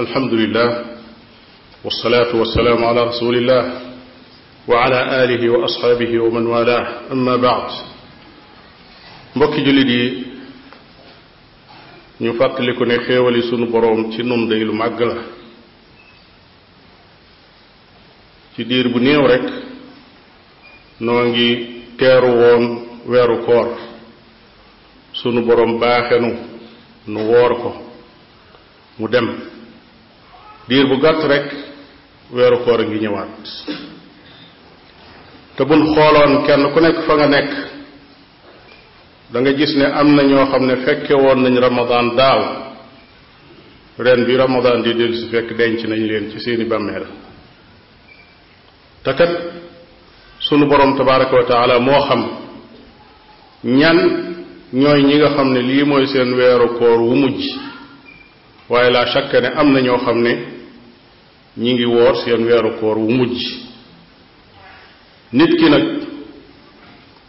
alhamdulilah wasalaatu wasalaamu ala rasulillah wa ala alihi wa asxaabihi wa man walah amma baad mbokki jullit yi ñu fàttaliku ne xéewali sunu boroom ci nun day lu màgg ci diir bu néew rek noo ngi teeru woon weeru koor sunu borom baaxenu nu woor ko mu dem diir bu gàtt rek weeru koor a ngi ñëwaat te buñ xooloon kenn ku nekk fa nga nekk danga gis ne am na ñoo xam ne fekke woon nañ Ramadan daaw ren bi Ramadan di dellu si fekk denc nañ leen ci seeni bàmmeel te kat sunu boroom tabaraka wa taala moo xam ñan ñooy ñi nga xam ne lii mooy seen weeru koor wu mujj waaye laa chaque ne am na ñoo xam ne ñi ngi woor seen weeru koor wu mujj nit ki nag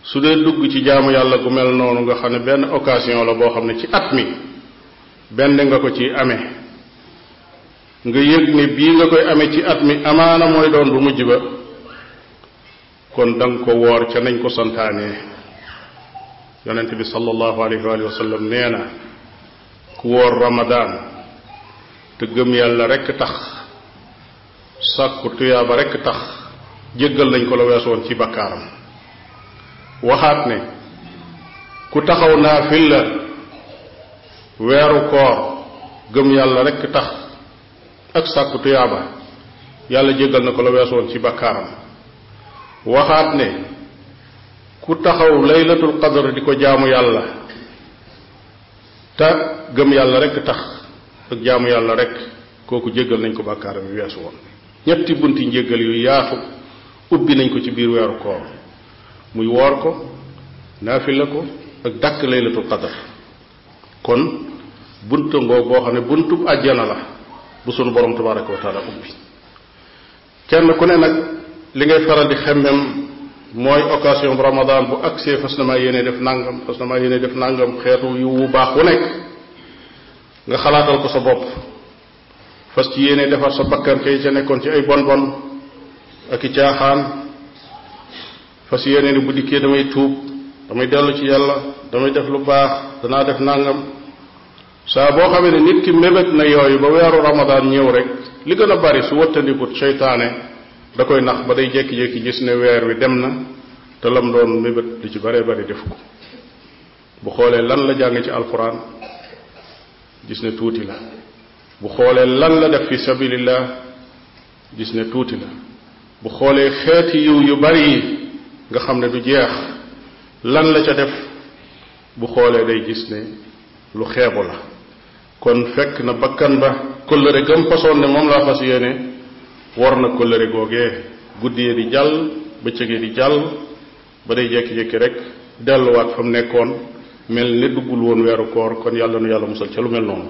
su dee dugg ci jaamu yàlla ku mel noonu nga xam ne benn occasion la boo xam ne ci at mi benn nga ko ci ame nga yëg ne bii nga koy ame ci at mi amaana mooy doon bu mujj ba kon da ko woor ca nañ ko santaanee yonent bi sallallahu alayhi wa sallam nee na ku woor ramadaan te gëm yàlla rekk tax sàkku tuyaaba rekk tax jéggal nañ ko la wees woon ci bakkaaram waxaat ne ku taxaw naafila weeru koor gëm yàlla rekk tax ak sàkku tuyaaba yàlla jéggal na ko la wees woon ci bakkaaram waxaat ne ku taxaw laylatul qadr di ko jaamu yàlla ta gëm yàlla rekk tax ak jaamu yàlla rekk kooku jéggal nañ ko bakkaaram yi wees woon ñetti bunti njëggal yu yaatu ubbi nañ ko ci biir weeru koor muy woor ko naafila ko ak dàkk laylatul qadar kon bunta ngoo boo xam ne buntub àjjana la bu sunu borom tabaraka wa ubbi kenn ku ne nag li ngay faral di xemmem mooy occasion bu ramadan bu agsee fas na maa yéene def nangam fas na maa yéene def nangam xeetu yu wu baax wu nekk nga xalaatal ko sa bopp fas ci yéene defar sa bakkan kay ca nekkoon ci ay bon bon ak i caaxaan fas yéene ne bu dikkee damay tuub damay dellu ci yàlla damay def lu baax danaa def nangam saa boo xamee ni nit ki mébét na yooyu ba weeru ramadaan ñëw rek li gën a bari su wattandikut seytaane da koy nax ba day jékki-jékki gis ne weer wi dem na te lam doon mébét li ci baree bari defu ko bu xoolee lan la jàng ci alxuraan gis ne tuuti la bu xoolee lan la def fi sabilillah gis ne tuuti la bu xoolee xeeti yiw yu bari nga xam ne du jeex lan la ca def bu xoolee day gis ne lu xeebu la kon fekk na bakkan ba kóllëre gëm façon ne moom laa fas yéene war na kóllëre googee guddiyee di jàll bëccëgee di jàll ba day jékki-jékki rek delluwaat fa mu nekkoon mel ne duggul woon weeru koor kon yàlla nu yàlla musal ca lu mel noonu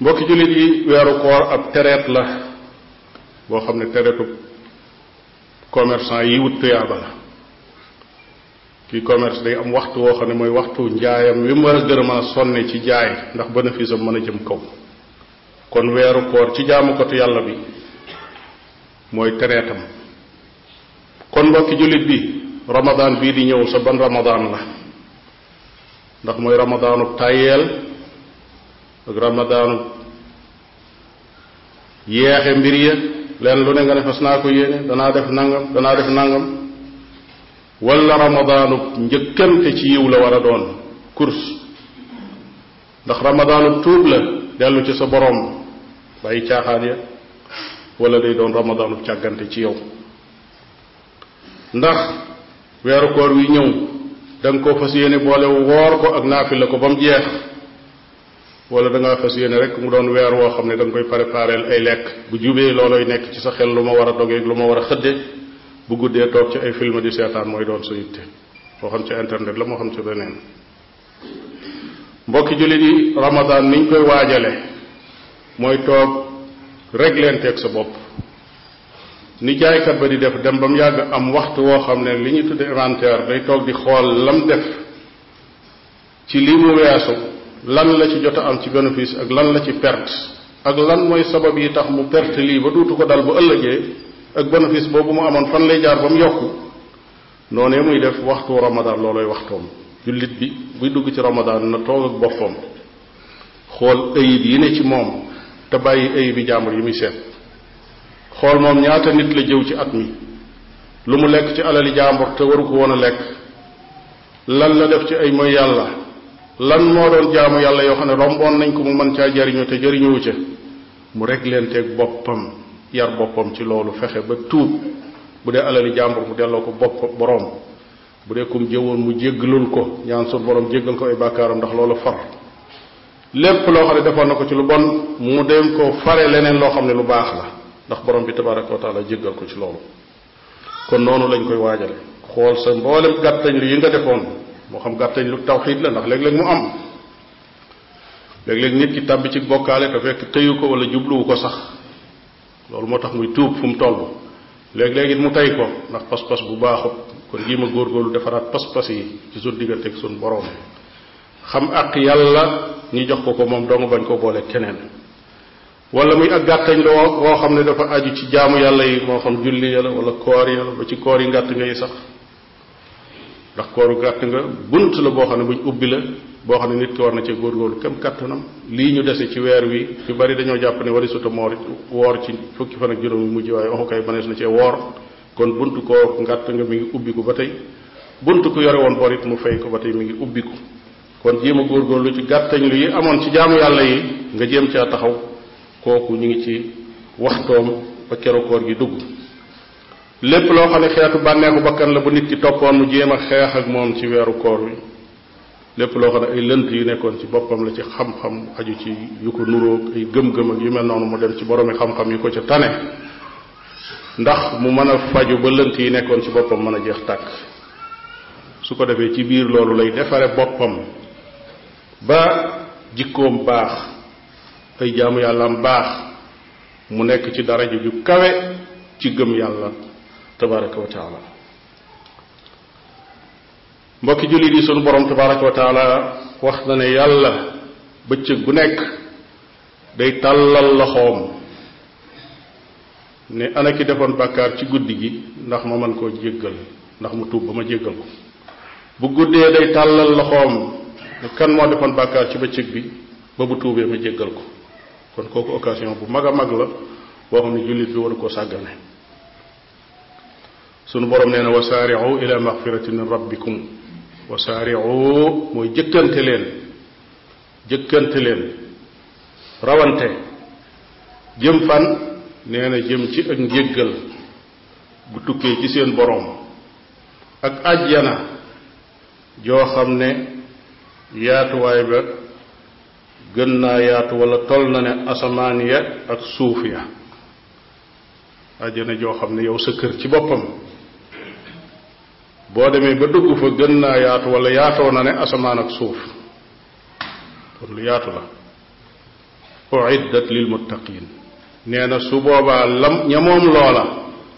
mbokki jullit yi weeru koor ab tereet la boo xam ne tereetu commerçant yi wut tuyaaba la commerce day am waxtu woo xam ne mooy waxtu njaayam wi mu war a gën a mën sonne ci jaay ndax bénéfice am mën a jëm kaw kon weeru koor ci jaamukatu yàlla bi mooy tereetam kon mbokki jullit bi ramadan bii di ñëw sa ban ramadan la ndax mooy ramadaanu tàyyeel ak ramadaanu yeexe mbir ya leen lu ne nga ne fas naa ko yéene danaa def nangam danaa def nangam wala ramadaanu njëkkante ci yiw la war a doon course ndax ramadaanu tuub la dellu ci sa borom bàyyi caaxaan ya wala day doon ramadaanu càggante ci yow ndax weeru koor wi ñëw da nga ko fas yéene boole woor ko ak naafi la ko ba jeex wala da ngaa fas yéene rek mu doon weer woo xam ne da nga koy prépareel ay lekk bu jubee looloy nekk ci sa xel lu ma war a dogee lu ma war a xëdde bu guddee toog ci ay film di seetaan mooy doon sa yitte moo xam ci internet la moo xam ci beneen mbokki jullit yi ramadan niñ koy waajale mooy toog leen réglenteeg sa bopp ni jaaykat ba di def dem ba mu yàgg am waxtu woo xam ne li ñu tudde inventaire day toog di xool lam def ci li mu weesu lan la ci jot am ci bénéfice ak lan la ci perte ak lan mooy sabab yi tax mu perte lii ba duutu ko dal bu ëllëgee ak bénéfice boobu mu amoon fan lay jaar ba mu yokku noonee muy def waxtu ramadan loolooy waxtoom jullit bi buy dugg ci ramadan na toog ak boppam xool ayib yi ne ci moom te bàyyi ayibi jàmbur yi muy seet xool moom ñaata nit la jëw ci at mi lu mu lekk ci alali jàmbur te waru ko woon a lekk lan la def ci ay mooy yàlla lan moo doon jaamu yàlla yoo xam ne romboon nañ ko mu mën caa jariñoo te jariñuwu ca mu rekk leen teeg boppam yar boppam ci loolu fexe ba tuub bu dee alali jàmbur mu delloo ko bopp boroom bu dee kum jëwoon mu jéggalul ko ñaan sun borom jéggal ko ay bàkkaaram ndax loolu far lépp loo xam ne defoon na ko ci lu bon mu dem ko fare leneen loo xam ne lu baax la ndax borom bi tabaraka wa taala jéggal ko ci loolu kon noonu lañ koy waajale xool sa mboolem gàttañ yi nga defoon moo xam gàttañ lu tawxiid la ndax léeg-léeg mu am léeg-léeg nit ki tàbbi ci bokkaale te fekk tëyu ko wala jubluwu ko sax loolu moo tax muy tuub fu mu toll léeg léegi it mu tey ko ndax pas-pas bu baaxut kon jéem a góorgóorlu defaraat pas-pas yi ci suñ diggante ak suñ boroom xam ak yàlla ñu jox ko ko moom dong bañ ko boole keneen wala muy ak gàttañ la woo xam ne dafa aju ci jaamu yàlla yi moo xam julli yàlla wala koor yàlla ba ci koor yi ngàtt sax ndax kooru gàtt nga bunt la boo xam ne buñ ubbi la boo xam ne nit ki war na cee góorgóorlu kem kattanam lii ñu dese ci weer wi ñu bari dañoo jàpp ne wari suta moor woor ci fukki fan ak juróom yu mujj waaye waxu kay mënees na cee woor kon bunt koo ngàtt nga mi ngi ba tey bunt ku yore woon bor mu fay ko ba tey mi ngi ubbiku kon jéem góor góorgóorlu ci gàttañ lu yi amoon ci jaamu yàlla yi nga jéem caa taxaw kooku ñu ngi ci waxtoom ba keroog koor gi dugg lépp loo xam ne xeetu bànneexu bakkan la bu nit ki toppoon mu jéem a xeex ak moom ci weeru koor wi lépp loo xam ne ay lënt yu nekkoon ci boppam la ci xam-xam aju ci yu ko nuróog ay gëm-gëm ak yu mel noonu mu dem ci boroomi xam-xam yu ko ca tane ndax mu mën a faju ba lënt yi nekkoon ci boppam mën a jeex tàkk su ko defee ci biir loolu lay defare boppam ba jikkoom baax ay jaamu yàllaam baax mu nekk ci daraja ju kawe ci gëm yàlla tabaraka wa taala mbokki jullit yi sunu borom tabaraka wa taala wax na ne yàlla bëccëg bu nekk day tàllal loxoom ne ana ki defoon bàkkaar ci guddi gi ndax ma mën koo jéggal ndax mu tuub ba ma jéggal ko bu guddee day tàllal loxoom ne kan moo defoon bàkkaar ci bëccëg bi ba bu tuubee ma jéggal ko kon kooku occasion bu mag a mag la boo xam ne waru koo sàggane sunu borom nee na wa saari'u ila maxfirati min rabbikum wa mooy jëkkante leen jëkkante leen rawante jëm fan nee na jëm ci ak njéggal bu tukkee ci seen borom ak àjjana joo xam ne yaatuwaay ba gën naa yaatu wala toll na ne asamaan ya ak suuf ya ajjana joo xam ne yow sa kër ci boppam boo demee ba dugg fa gën naa yaatu wala yaatoo na ne asamaan ak suuf kon lu yaatu la uiddat lil muttaqin nee na su boobaa lam ñamoom loola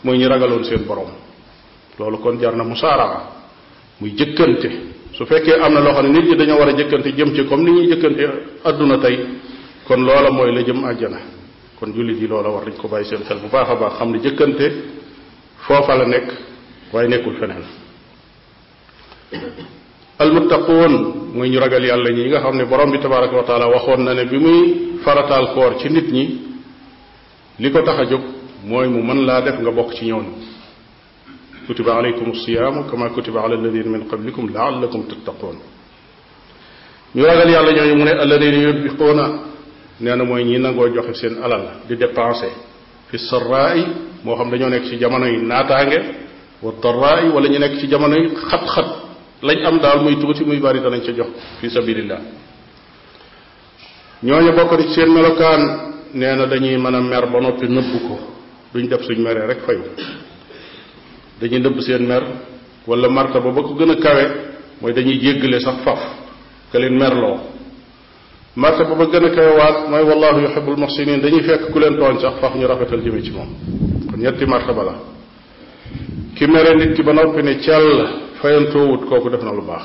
mooy ñu ragaloon seen borom loolu kon jar na musaaraa muy jëkkante su fekkee am na loo xam ne nit ñi dañoo war a jëkkante jëm ci comme ni ñuy jëkkante àdduna tey kon loola mooy la jëm àjjana kon jullit yi loola war nañ ko bàyyi seen xel bu baax a baax xam ne jëkkante foofa la nekk waaye nekkul feneen almuttaquun muy ñu ragal yàlla ñi nga xam ne borom bi tabaraka wa taala waxoon na ne bi muy farataal koor ci nit ñi li ko tax a jóg mooy mu mën laa def nga bokk ci ñooñu kutiba alaykum siyaamu kama kutiba ala alladina min qablikum laallakum tattaquun ñu ragal yàlla ñooñu mu ne alladina yunfiquuna nee na mooy ñi nangoo joxe seen alal di dépenser fi sarraay moo xam dañoo nekk ci jamono yi naataange wa darraay wala ñu nekk ci jamonoy yi xat-xat lañ am daal muy tuuti muy bari danañ ca jox fi ñoo ñu bokk ci seen melokaan nee na dañuy mën a mer ba noppi nëbbu ko duñ def suñ meree rek fayu dañuy nëbb seen mer wala marta ba ba ko gën a kawe mooy dañuy jéggale sax faf ka leen merloo marta ba ba gën a kawe waat mooy wallahu yuhibbul muhsinin dañuy fekk ku leen tooñ sax faf ñu rafetal jëme ci moom kon ñetti marta la ki mere nit ki ba noppi ne cell fayantoo wut kooku def na lu baax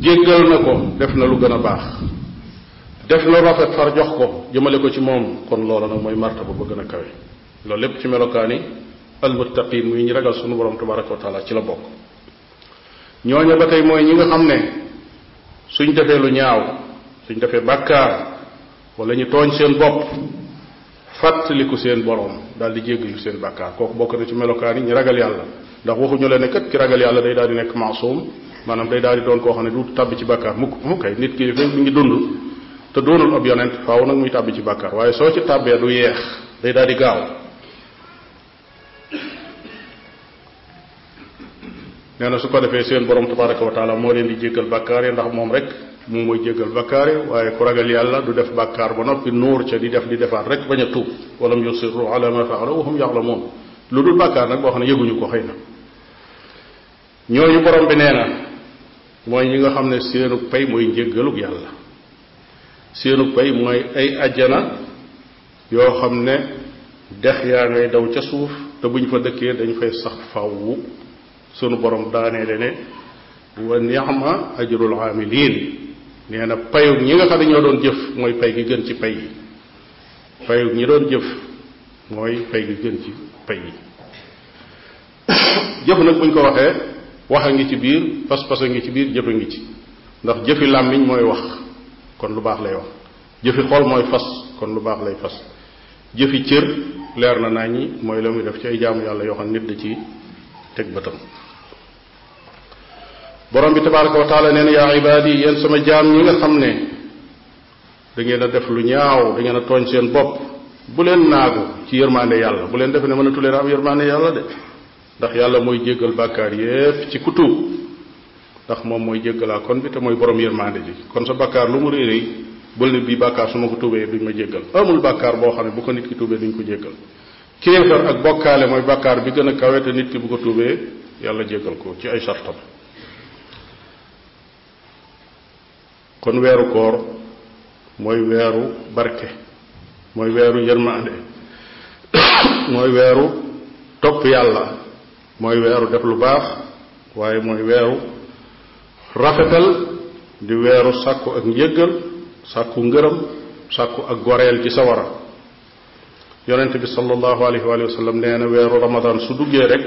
jéggal na ko def na lu gën a baax def la rafet far jox ko jëmale ko ci moom kon loola nag mooy martaba ba gën a kawe loolu lépp ci melokaani almuttaqin muy ñu ragal sunu borom tabaraka wa taala ci la bokk ñooña ba tey mooy ñi nga xam ne suñ defee lu ñaaw suñ defee bàkkaar wala ñu tooñ seen bopp fàttaliku seen borom daal di yu seen bàkkaar kooku bokk na ci melokaani ñi ragal yàlla ndax waxuñu la ne kat ki ragal yàlla day daal di nekk maasum maanaam day daal di doon koo xam ne du tàbbi ci bàkkaar mukk mu kay nit ki fekk mi ngi dund te doonul ab yonent faaw nag muy tàbbi ci bàkkaar waaye soo ci tàbbee du yeex day daal di gaaw nee na su ko defee seen borom tabaraka wa moo leen di jéggal bàkkaar yi ndax moom rek moom mooy jéggal bàkkaar yi waaye ku ragal yàlla du def bàkkaar ba noppi nuur ca di def di defaat rek bañ a tuub walam yusirru ala ma faalu lu dul bàkkaar nag boo xam ne yëguñu ko xëy na ñooñu borom bi nee na mooy ñi nga xam ne seenug pay mooy njëggalug yàlla seenug pay mooy ay ajjana yoo xam ne dex yaa ngay daw ca suuf te buñ fa dëkkee dañ fay sax fawwu sunu borom daaneele ne wa ni'ma ajrul amilin nee na payu ñi nga xam ñoo doon jëf mooy pay gi gën ci pay yi payu ñi doon jëf mooy pay gi gën ci pay yi jëf nag buñ ko waxee wax a ngi ci biir pas-pas a ngi ci biir jëf a ngi ci ndax jëfi làmmiñ mooy wax kon lu baax lay wax jëfi xol mooy fas kon lu baax lay fas jëfi cër leer na naa ñi mooy la muy def ci ay jaamu yàlla yoo xam nit da ci teg bëtam borom bi tabaraka wa taala nee na yaa ibaadi yéen sama jaam ñi nga xam ne da a def lu ñaaw da ngeen a tooñ seen bopp bu leen naagu ci yërmaande yàlla bu leen defe ne mënatu leen am yërmaande yàlla de ndax yàlla mooy jéggal bàkkaar yépp ci ku tuub ndax moom mooy jéggalaa kon bi te mooy borom yërmande ji kon sa bàkkaar lu mu rëy rëy bul ne bii bàkkaar su ma ko tuubee duñ ma jéggal amul bàkkaar boo xam ne bu ko nit ki tuubee duñ ko jéggal kéefar ak bokkaale mooy bàkkaar bi gën a kawe nit ki bu ko tuubee yàlla jéggal ko ci ay sartam kon weeru koor mooy weeru barke mooy weeru yërmande mooy weeru topp yàlla mooy weeru def lu baax waaye mooy weeru rafetal di weeru sàkku ak njëggal sàkku ngërëm sàkku ak goreel ci sawara yonente bi sallallahu alayhi wa sallam nee na weeru ramadan su duggee rek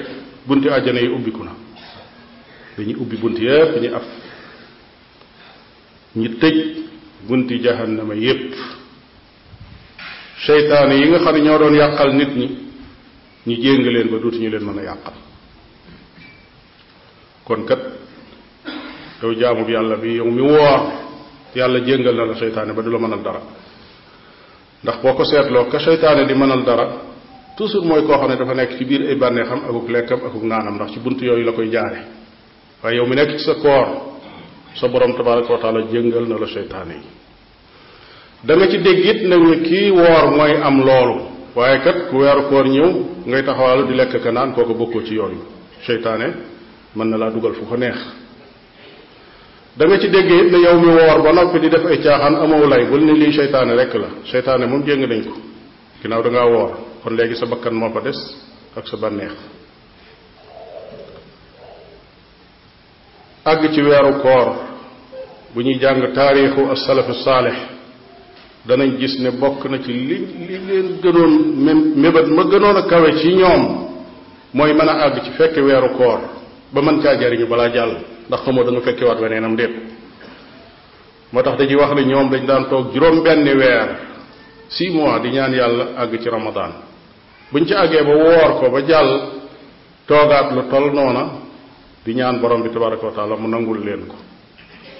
bunti àjjana yi ubbiku na dañuy ubbi bunti yépp ñu af ñu tëj bunti jahannama yépp seytaane yi nga xam ne ñoo doon yàqal nit ñi ñu jéng leen ba dootuñu leen mën a yàqal kon kat yow jaamu yàlla bi yow mi woor yàlla jéngal na la seytaane ba du la mënal dara ndax boo ko seetloo ka seytaane di mënal dara toujours mooy koo xam ne dafa nekk ci biir ay bànneexam akuk lekkam akuk naanam ndax ci bunt yooyu la koy jaare waaye yow mu nekk ci sa koor sa borom tabaraka wa taala jëngal na la seytaane yi da ci dégg it ne kii woor mooy am loolu waaye kat ku weeru koor ñëw ngay taxawal di lekk ka naan ko bokkoo ci yooyu seytaane mën na laa dugal fu ko neex da ci déggee it ne yow mi woor ba noppi di def ay caaxaan amoo lay bul lii seytaane rekk la seytaane moom jéng nañ ko ginnaaw da ngaa woor léegi sa bakkan moo fa des ak sa bànneex àgg ci weeru koor bu ñuy jàng taarixu as-salaf danañ gis ne bokk na ci li li leen gënoon même ma gënoon kawe ci ñoom mooy mën a àgg ci fekk weeru koor ba man kaa jariñu balaa jàll ndax xamoo da nga fekkiwaat weneen am moo tax dañuy wax la ñoom dañ daan toog juróom benni weer six di ñaan yàlla àgg ci ramadan buñ ci àggee ba woor ko ba jàll toogaat lu tol noona di ñaan borom bi tabaraka wa taala mu nangul leen ko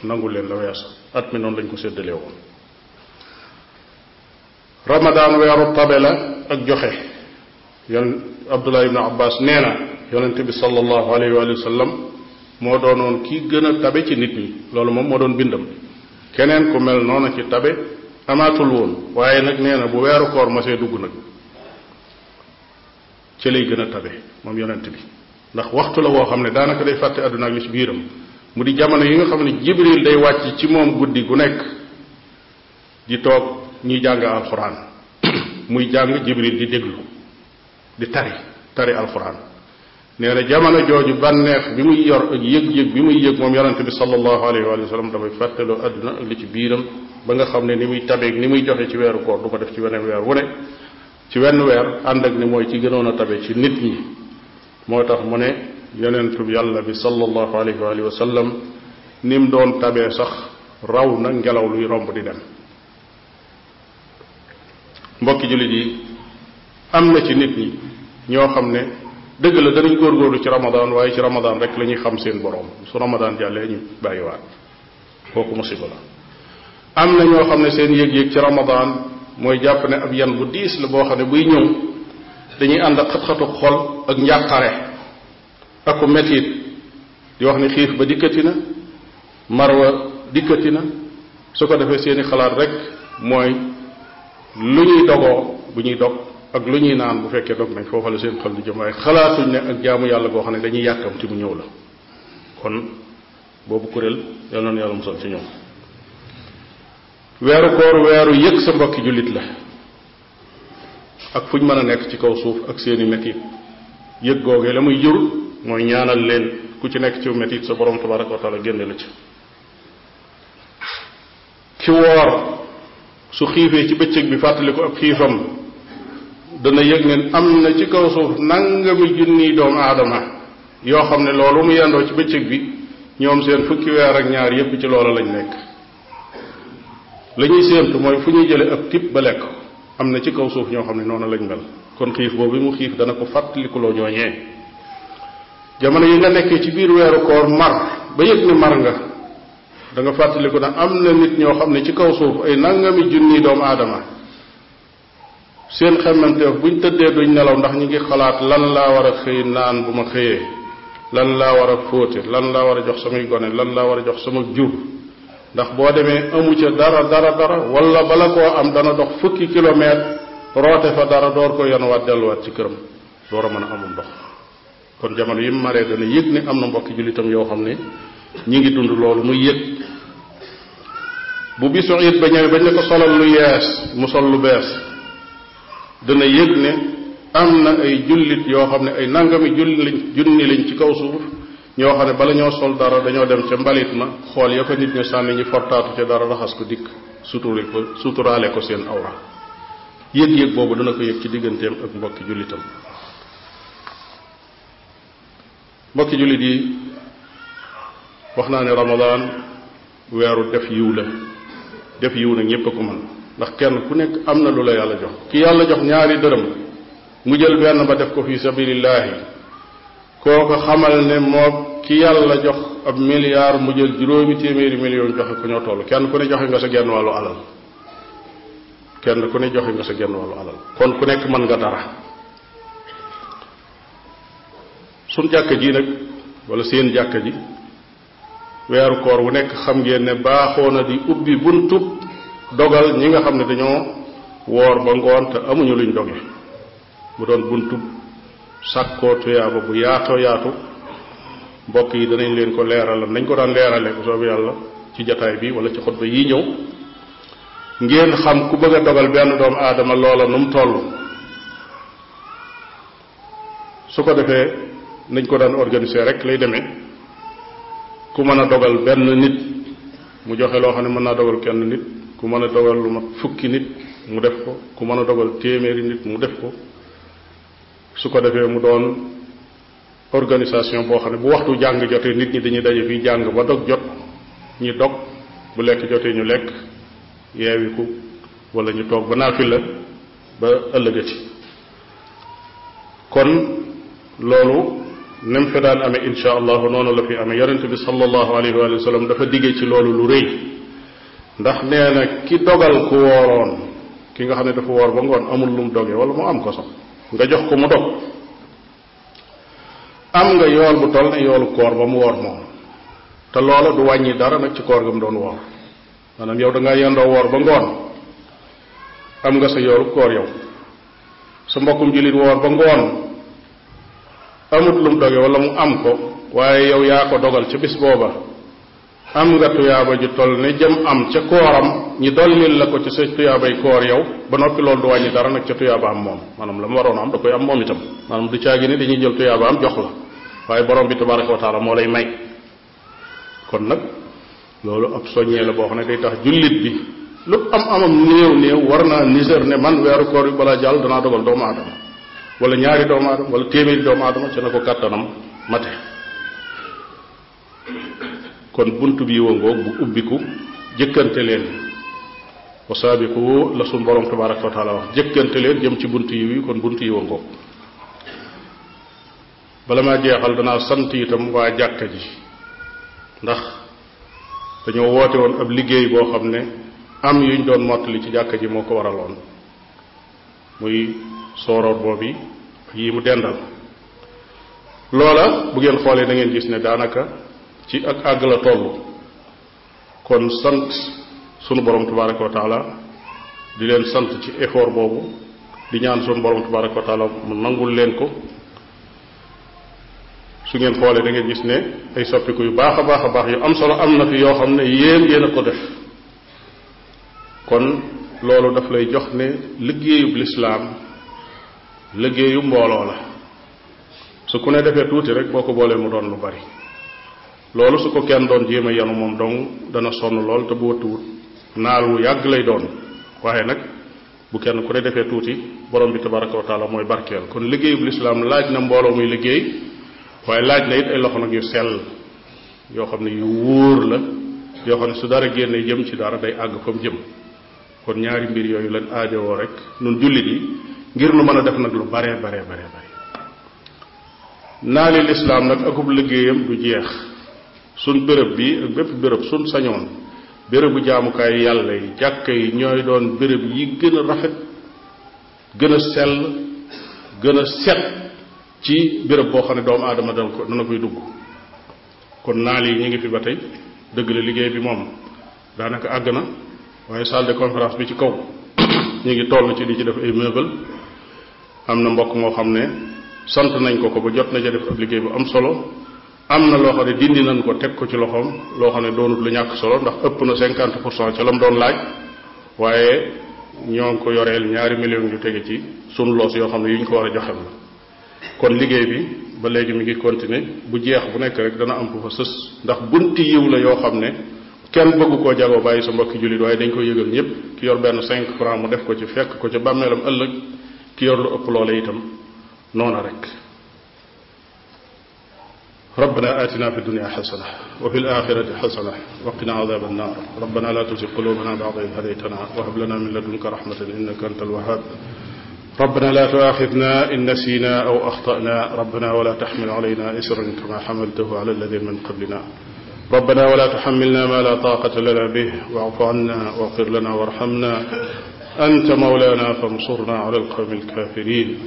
nangul leen la weesu at mi noonu lañ ko séddalee woon ramadan weeru tabe la ak joxe yan abdullah ibnu abbas nee na yonente bi sallallahu alayhi wa sallam moo doonoon ki gën a tabe ci nit ñi loolu moom moo doon bindam keneen ku mel noona ci tabe amaatul woon waaye nag nee na bu weeru koor masee dugg nag ci lay gën a tabe moom yonent bi ndax waxtu la woo xam ne daanaka day fàtte àdduna ak ci biiram mu di jamono yi nga xam ne jibril day wàcc ci moom guddi gu nekk di toog ñuy jàng alxuraan muy jàng jibril di déglu di tari tari alxuraan nee na jamono jooju bànneex bi muy yor ak yëg-yëg bi muy yëg moom yonente bi sallallahu alayhi wa sallam damay fàttaloo àdduna ak li ci biiram ba nga xam ne ni muy tabee ni muy joxe ci weeru koor du ko def ci weneen weer wu ne ci wenn weer ànd ak ni mooy ci gënoon a tabe ci nit ñi moo tax mu ne yonentu yàlla bi sallallahu alayhi wa sallam ni mu doon tabee sax raw na ngelaw luy romb di dem mbokki jullit yi am na ci nit ñi ñoo xam ne dëgg la danañ góorgóorlu ci ramadan waaye ci ramadan rek la ñuy xam seen borom su ramadan jàllee ñu bàyyiwaat kooku musiba la am na ñoo xam ne seen yëg-yëg ci ramadan mooy jàpp ne ab yan bu diis la boo xam ne buy ñëw dañuy ànd xat-xatu xol ak njàqare ak metit di wax ne xiif ba dikkati na marwa dikkati na su ko defee seeni xalaat rek mooy lu ñuy dogoo bu ñuy dog ak lu ñuy naan bu fekkee dog nañ foofa la seen xel di jëm waaye xalaatuñ ne ak jaamu yàlla goo xam ne dañuy yàkkamti mu ñëw la kon boobu kuréel yal na yàlla musal ci ñëw weeru koor weeru yëg sa mbokki jullit la ak fu ñu mën a nekk ci kaw suuf ak seeni metit yëg googee la muy jur mooy ñaanal leen ku ci nekk ci metit sa borom tabaraka wa taala génne la ci ki su xiifee ci bëccëg bi fàttali ko xiifam dana yëg ne am na ci kaw suuf nangami junniy doomu aadama yoo xam ne loolu mu yendoo ci bëccëg bi ñoom seen fukki weer ak ñaar yépp ci loola lañu nekk la ñuy séentu mooy fu ñuy jële ab tib ba lekk am na ci kaw suuf ñoo xam ne noonu lañ mel kon xiif boobu mu xiif dana ko fàttalikuloo ñooñee jamono yi nga nekkee ci biir weeru koor mar ba yëg ne mar nga danga nga fàttaliku ne am na nit ñoo xam ne ci kaw suuf ay nangami junniy doomu aadama seen xemmanteef buñ tëddee duñ nelaw ndax ñu ngi xalaat lan laa war a xëy naan bu ma xëyee lan laa war a fóote lan laa war a jox samay gone lan laa war a jox sama jur ndax boo demee amu ca dara dara dara wala bala koo am dana dox fukki kilomètre roote fa dara door ko yanuwaat delluwaat ci këram door a mën a amul ndox kon jamono yi mu maree dana yëg ne am na mbokki jullitam yoo xam ne ñu ngi dund loolu muy yëg bu bisu it ba ñëwee bañ ne ko solal lu yees dana yëg ne am na ay jullit yoo xam ne ay nangami julli junni lañ ci kaw suuf ñoo xam ne bala ñoo sol dara dañoo dem ca mbalit ma xool ya ko nit ñu sànni ñu fortaatu ca dara raxas ko dikk suturi ko suturaale ko seen awra yëg-yëg boobu dana ko yëg ci digganteem ak mbokki jullitam mbokki jullit yi wax naa ne ramadaan weeru def yiw la def yiw nag ñépp a ko mën ndax kenn ku nekk am na lu la yàlla jox ki yàlla jox ñaari dërëm mu jël benn ba def ko fi sabilillahi kooko xamal ne moo ki yàlla jox ab milliard mu jël juróomi téeméeri million joxe ko ñoo toll kenn ku ne joxe nga sa genn wàllu alal kenn ku ne joxe nga sa genn wàllu alal kon ku nekk mën nga dara suñ jàkka ji nag walla seen jàkka ji weeru koor wu nekk xam ngeen ne baaxoo na di ubbi buntub dogal ñi nga xam ne dañoo woor ba ngoon te amuñu luñ doge mu doon buntu sàkkoo tuyaaba bu yaatoo yaatu mbokk yi danañ leen ko leeral leeralal nañ ko daan leerale bu soobee yàlla ci jataay bi wala ci xutba yii ñëw ngeen xam ku bëgg dogal benn doomu aadama loola nu mu toll su ko defee nañ ko daan organiser rek lay deme ku mën a dogal benn nit mu joxe loo xam ne mën naa dogal kenn nit ku mën a dogal lu ma fukki nit mu def ko ku mën a dogal téeméeri nit mu def ko su ko defee mu doon organisation boo xam ne bu waxtu jàng jotee nit ñi dañuy daje bi jàng ba dog jot ñi dog bu lekk jotee ñu lekk yeewiku wala ñu toog ba naafi la ba ëllëgati kon loolu nem fi daan insha allahu noonu la fi amee yonente bi sallallahu alayhi wa sallam dafa diggee ci loolu lu rëy ndax nee na ki dogal ku wooroon ki nga xam ne dafa woor ba ngoon amul lu mu doge wala mu am ko sax nga jox ko mu dog am nga yool bu toll ne koor ba mu woor moom te loola du wàññi dara nag ci koor ga mu doon woor maanaam yow da ngaa yendoo ba ngoon am nga sa yoolu koor yow sa mbokkum jullit woor ba ngoon amut lu mu doge wala mu am ko waaye yow yaa ko dogal ca bis booba am nga tuyaaba ju toll ne jëm am ca kooram ñi dollil la ko ci sa tuyaabay koor yow ba noppi loolu du wàññi dara nag ca tuyaaba am moom maanaam la ma waroon am da koy am moom itam maanaam du caagi ne dañuy jël tuyaaba am jox la waaye borom bi tabaraka wa taala moo lay may kon nag loolu ab soññee la boo xam ne day tax jullit bi lu am amam néew néew war naa niser ne man weeru koor bi balaa jàll danaa dogal doomu aadama wala ñaari doomu aadama wala téeméeri doomu aadama ci ko kàttanam mate kon bunt bii wangoog bu ubbiku jëkkante leen wa saabiqu la suñ borom tabaraka wa wax jëkkante leen jëm ci bunt yi kon bunt yi wangoog bala maa jeexal danaa sant itam waa jàkka ji ndax dañoo woote woon ab liggéey boo xam ne am yuñ doon mottali ci jàkka ji moo ko waraloon muy sooroor boobu yi mu dendal loola bu ngeen xoolee da ngeen gis ne daanaka ci ak àgg la tollu kon sant sunu borom tabaraka wa taala di leen sant ci effort boobu di ñaan sunu borom tabaraka wa taala mu nangul leen ko su ngeen xoolee da ngeen gis ne ay soppiku yu baax a baax a baax yu am solo am na fi yoo xam ne yéen yéen a ko def kon loolu daf lay jox ne liggéeyub lislaam liggéeyu mbooloo la su ku ne defee tuuti rek boo ko boolee mu doon lu bari loolu su ko kenn doon jéem a yenu moom dong dana sonn lool te bu wëttuwut naal wu yàgg lay doon waaye nag bu kenn ku ne defee tuuti borom bi tabaraka wa taala mooy barkeel kon liggéeyub lislaam laaj na mbooloo muy liggéey waaye laaj na it ay loxo nag yu sell yoo xam ne yu wóor la yoo xam ne su dara génne jëm ci dara day àgg fa mu jëm kon ñaari mbir yooyu lañ aajowoo rek nun jullit yi ngir nu mën a def nag lu baree baree baree bare naali lislaam nag akub liggéeyam du jeex suñ bërëb bi ak bépp bërëb suñ sañoon bérébu jaamukaay yàlla yi jàkka yi ñooy doon bërëb yi gën a rafet gën a sell gën a set ci béréb boo xam ne doomu aadama dana ko dana koy dugg kon naal yi ñu ngi fi ba tey dëgg la liggéey bi moom daanaka àgg na waaye salle de conférence bi ci kaw ñu ngi toll ci di ci def ay meuble am na mbokk moo xam ne sant nañ ko ko ba jot na ca def ab liggéey bu am solo am na loo xam ne dindi nañ ko teg ko ci loxoom loo xam ne doonut lu ñàkk solo ndax ëpp na cinquante pour cent ca la doon laaj waaye ñoo ngi ko yoreel ñaari million yu tege ci sunu loos yoo xam ne yu ñu ko war a joxem la kon liggéey bi ba léegi mu ngi continuer bu jeex bu nekk rek dana am ku fa sës ndax bunti yiw la yoo xam ne kenn bëggu koo jagoo bàyyi sa mbokki jullit waaye dañ koy yëgal ñëpp ki yor benn cinq francs mu def ko ci fekk ko ca bàmmeelam ëllëg ki yor lu ëpp loole itam noona rek rabbana atina fi dunia xasana wa fi laxirati xasana wa qina adaba annar rabbana la tusi qulubana bada id hadaytana wa hab lana min ladunka rahmatan innaka anta alwahab ربنا لا تؤاخذنا إن نسينا أو أخطأنا ربنا ولا تحمل علينا إسرا كما حملته على الذين من قبلنا ربنا ولا تحملنا ما لا طاقة لنا به واعف عنا واغفر لنا وارحمنا أنت مولانا فانصرنا على القوم الكافرين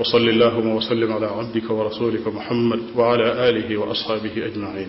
wa salli allahuma wa sallim ala abdika wa rasulika muhammad wa ala alihi wa ashaabihi ajmain